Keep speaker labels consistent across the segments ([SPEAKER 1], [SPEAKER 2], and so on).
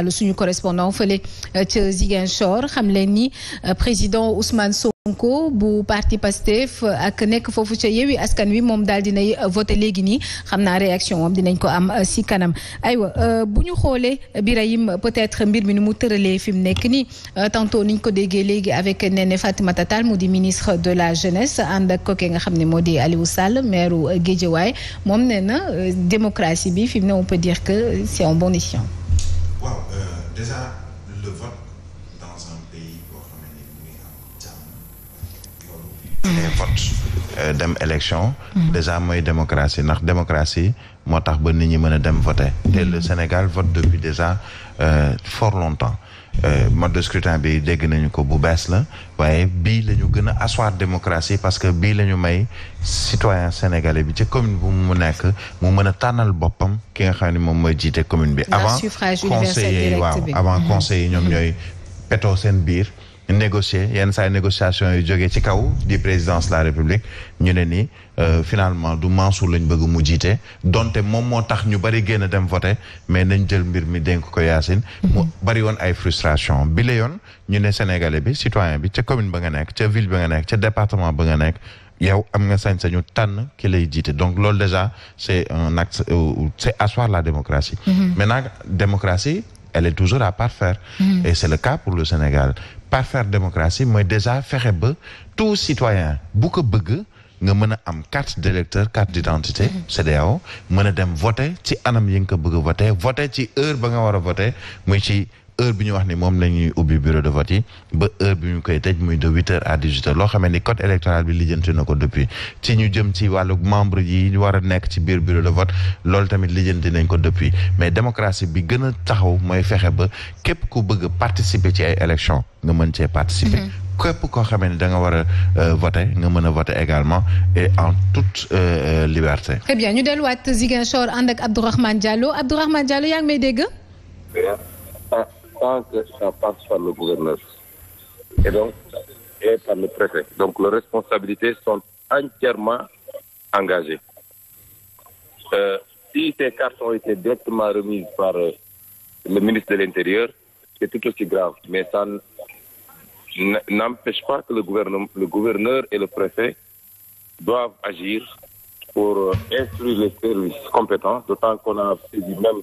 [SPEAKER 1] Diallo suñu correspondant fële euh, ca Ziguinchor xam leen ni euh, président Ousmane Sonko bu parti Pastef euh, ak nekk foofu ca Yewwi Askan Wi moom daal dinay voté léegi nii xam naa réaction am dinañ ko am si kanam aywa bu ñu xoolee Birahim peut-être mbir mi ni mu tëralee fi mu nekk nii tantôt niñ ko déggee léegi avec Néné Fatoumata Tall mu di ministre de la jeunesse ànd ak kooke nga xam ne moo di Aliou Sall maire Guédiawaye moom nee na démocratie bi fi mu ne on peut dire que c'est
[SPEAKER 2] déjà vote euh, dem élection mm-hmm. déjà mooy démocratie ndax démocratie moo tax ba nit ñi mën a dem voter te mm-hmm. le Sénégal vote depuis déjà Euh, fort longtemps euh, mode de scrutin bi dégg nañu ko bu bees la waaye bii la ñu gën a asseoir démocratie parce que bii la ñu may citoyen sénégalais bi ci commune bu mu nekk mu mën a tànnal boppam ki nga xam ne moom mooy jiite commune bi. avant conseiller waaw avant mm-hmm. conseiller ñoom mm-hmm. ñooy petoo seen biir. négocier yenn saa négociation yu jógee ci kaw di présidence la république ñu ne ni euh, finalement du Mansour lañ bëgg mu jiite donte moom moo tax ñu bari génn dem voter mais nañ jël mbir mi dénk ko Yacine. Mhm. mu bari woon ay frustration bi la yoon ñu ne Sénégalais bi citoyen bi ca commune ba nga nekk ca ville ba nga nekk ca département ba nga nekk. yow am nga sañ-sañu tànn ki lay jiite donc loolu déjà c'est un acte euh, c'est asseoir la démocratie. Mhm. maintenant démocratie. elle est toujours à parfaire. Mmh. et c'est le cas pour le Sénégal parfaire démocratie mooy déjà fexe ba tout citoyen bu ko bëgg nga mën a am carte d'électeur carte d'identité mm. CEDEAO mën a dem voter ci anam yi nga ko bëgg a voter voter ci heure ba nga war a voter muy ci heure bi ñu wax ni moom la ñuy ubbi bureau de vote yi ba heure bi ñu koy tëj muy de huit heures à dix huit heures loo xamee ni code électoral bi lijjanti na ko depuis ci ñu jëm ci wàllu membre yi war nekk ci biir bureau de vote loolu tamit lijjanti nañ ko depuis mais démocratie bi gën a mooy fexe ba képp ku bëgg participer ci ay élection nga mën cee participer mhm. képp koo xamee ne da nga war a euh, voter nga mën a voter également et en toute euh, euh, liberté. très
[SPEAKER 1] bien ñu delluwaat Ziguinchor ànd ak Abdourahmane Diallo Abdourahmane Diallo yaa ngi
[SPEAKER 3] sans que ça passe par le gouverneur et donc et par le préfet. Donc leurs responsabilités sont entièrement engagées. Euh, si ces cartes ont été directement remises par euh, le ministre de l'Intérieur, c'est tout aussi grave. Mais ça n'empêche pas que le, gouvernement, le gouverneur et le préfet doivent agir pour euh, les services compétents, d'autant qu'on a saisi même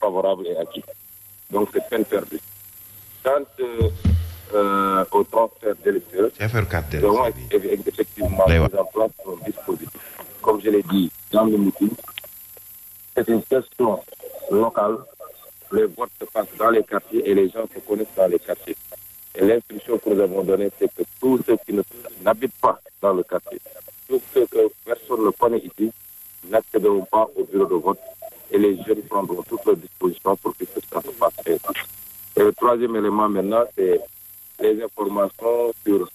[SPEAKER 3] favorable est acquis. Donc c'est peine perdue. Quant euh, euh, au transfert d'électeurs, effectivement mis en place un dispositif. Comme je l'ai dit dans le meeting, c'est une question locale. Les votes se passent dans les quartiers et les gens se connaissent dans les quartiers. Et l'instruction que nous avons donnée, c'est que tous ceux qui n'habitent pas dans le quartier, tous ceux que personne ne connaît ici, n'accéderont pas au bureau de vote les jeunes prendront toutes leurs dispositions pour que tout ça se passe Et le troisième élément maintenant, c'est les informations sur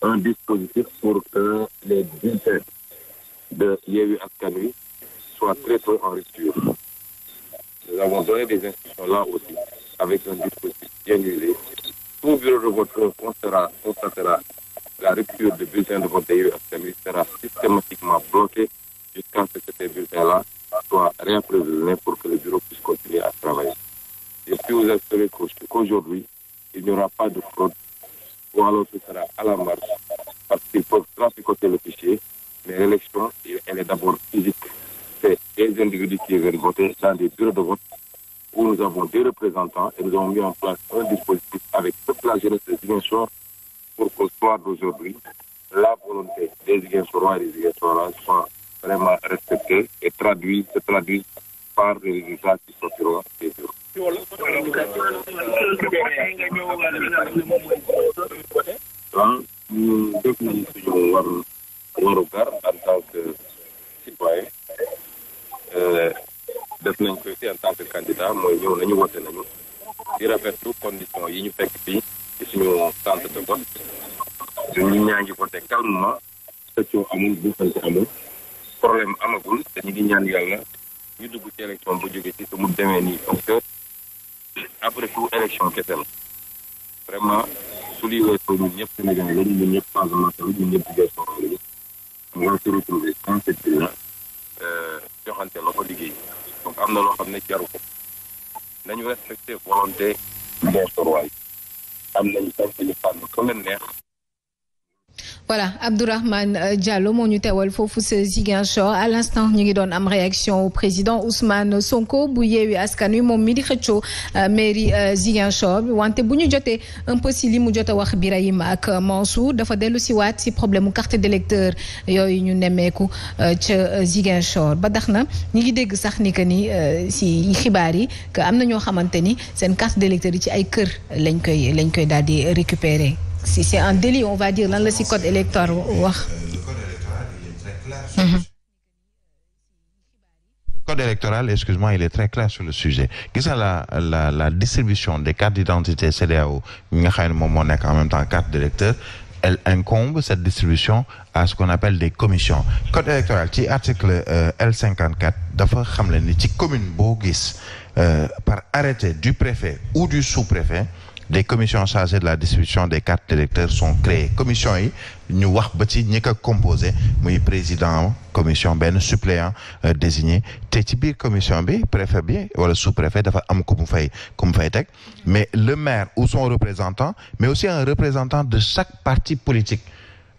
[SPEAKER 3] un dispositif pour que les bulletins de Yéhu Askanui soient très peu en rupture. Nous avons donné des instructions là aussi, avec un dispositif bien huilé. Tout bureau de vote constatera, constatera la rupture du bulletin de vote de Yéhu sera systématiquement bloquée jusqu'à ce que ces là soit réapprovisionné pour que le bureau puisse continuer à travailler. Je puis vous assurer qu'aujourd'hui, il n'y aura pas de fraude, ou alors ce sera à la marche, parce qu'ils peuvent traficoter le fichier, mais l'élection, elle est d'abord physique. C'est des individus qui viennent voter dans des bureaux de vote où nous avons des représentants et nous avons mis en place un dispositif avec toute la jeunesse des Guinchors pour qu'au soir vraiment respectés et traduits, se traduisent par les résultats qui sortiront def nañu suñu war en tant que citoyen euh, def nañ ko ci en tant que candidat mooy ñëw nañu wote nañu di rafetlu condition yi ñu fekk fii ci suñu centre de vote ñun ñaa ngi voté calmement sëccoo amul buuxante amul problème amagul dañu ñu ngi ñaan yàlla ñu dugg ci élection bu jógee ci te mu demee nii parce que après tout élection kese la vraiment su lii weesoo ñun ñëpp Sénégal la ñëpp Casamance la ñun ñëpp Jigéen Soro la ñu war se retrouver sans cette euh, joxante la ko liggéey donc am na loo xam ne jaru ko nañu respecté volonté Jigéen Soro waay am nañu sant ñu fànn ko leen neex.
[SPEAKER 1] voilà Abdourahmane euh, Diallo moo ñu teewal foofu sa Ziguinchor à l'instant ñu ngi doon am réaction au président Ousmane Sonko bu yeewi askan wi moom mi di xëccoo euh, mairie euh, Ziguinchor bi wante bu ñu jotee un si li mu jot a wax Birahima ak Mansour dafa dellu si waat si problème mu carte d'électeur yooyu ñu nemmeeku ca Ziguinchor ba tax na ñu ngi dégg sax ni que ni si xibaar yi que am na ñoo xamante ni seen carte d'électeur yi ci ay kër lañ koy lañ koy daal di récupérer si c'est un on va la si code électoral wax. Mhm.
[SPEAKER 2] code électoral excuse-moi il est très clair le sujet gis nga la la la distribution des cartes d'identité CEDEAO nga xam ne moom moo nekk en même temps carte d'électeur elle incombe cette à ce des commissions code électoral ci article euh, dafa xam le ni ci commune boo gis euh, par arrêté du préfet ou des commission chargées de la distribution des cartes d'électeurs sont créées commission yi ñu wax ba ci ñi ko composé muy président commission benn suppléant euh, désigné te ci biir commission bi préfet bi wala sous-préfet dafa am ku mu fay ku fay teg mais le maire ou son représentant mais aussi un représentant de chaque parti politique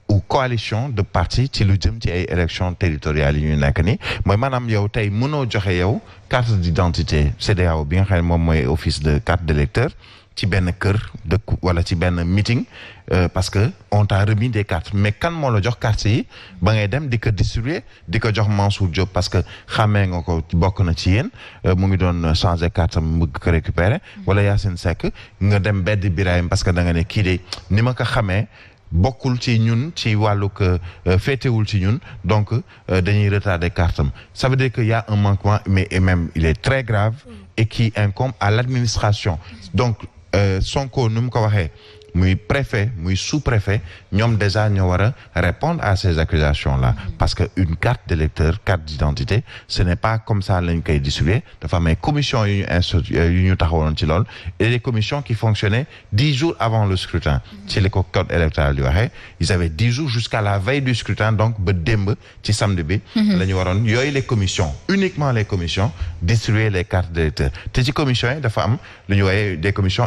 [SPEAKER 2] ou coalition de parti ci lu jëm ci ay élections territoriales yi ñu nekk ni mooy maanaam yow tey mënoo joxe yow carte d'identité CEDEAO bi nga xam ne moom mooy office de carte d'électeur ci benn kër dëkk wala ci benn meeting euh, parce que on t'a remis des cartes mais kan moo la jox cartes yi ba ngay dem di ko distribuer di ko jox Mansour Diop parce que xàmmee nga ko bokk na ci yéen euh, mu ngi doon changer carte am bëgg ko récupérer wala Yacine Seck nga dem bedd Birahim parce que da nga ne kii de ni ma ko xamee bokkul ci ñun ci wàllug euh, féetewul ci ñun donc dañuy retarder carte am ça veut dire que y un manquement mais et même il est très grave et qui Euh, Sonko nu ko waxee muy préfet muy sous-préfet ñoom déjà ñoo war a répondre à ces accusations là mm. parce que une carte d'électeur carte d'identité ce n'est pas comme ça lañ koy distribuer dafa am ay commission yu ñu institut euh, ci lool et les commissions qui fonctionnaient dix jours avant le scrutin mm. ci li ko la veille du scrutin donc ba démb ci samedi bi mm-hmm. la ñu waroon yooyu les commissions uniquement les commissions distribuer les cartes d'électeurs te ci commission yi